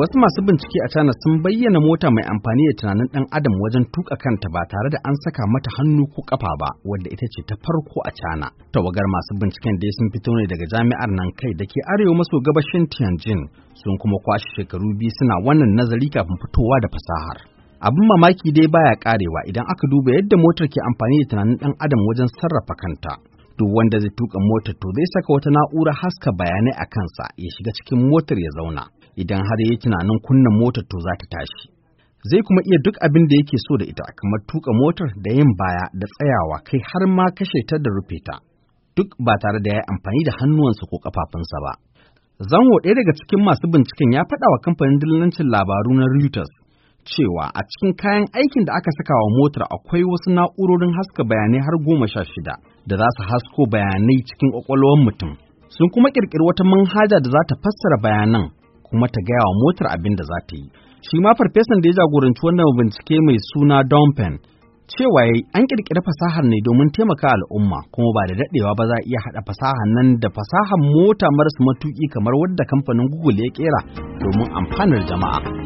Wasu masu bincike a China sun bayyana mota mai amfani da tunanin ɗan adam wajen tuka kanta ba tare da an saka mata hannu ko kafa ba, wadda ita ce ta farko a China. Tawagar masu binciken dai sun fito ne daga jami'ar nan kai da ke arewa maso gabashin Tianjin, sun kuma kwashe shekaru biyu suna wannan nazari kafin fitowa da fasahar. Abin mamaki dai baya karewa idan aka duba yadda motar ke amfani da tunanin ɗan adam wajen sarrafa kanta. duk wanda zai tuka motar to zai saka wata na'ura haska bayanai a kansa ya shiga cikin motar ya zauna idan har ya yi tunanin kunnen motar to za ta tashi. Zai kuma iya duk abin da yake so da ita kamar tuka motar da yin baya da tsayawa kai har ma kashe ta da rufe ta, duk ba tare da ya amfani da hannuwansa ko kafafunsa ba. Zango ɗaya daga cikin masu binciken ya faɗa wa kamfanin dillancin labaru na Reuters cewa a cikin kayan aikin da aka saka wa motar akwai wasu na'urorin haska bayanai har goma sha shida da za su hasko bayanai cikin ƙwaƙwalwar mutum. Sun kuma ƙirƙiri wata manhaja da za ta fassara bayanan kuma ta gaya wa motar abin da za ta yi. Shi ma farfesan da ya jagoranci wannan bincike mai suna Dompen cewa yayi an ƙirƙiri fasahar ne domin taimaka al'umma kuma ba da daɗewa ba za a iya haɗa fasahar nan da fasahar mota marasa matuƙi kamar wadda kamfanin Google ya ƙera domin amfanar jama'a.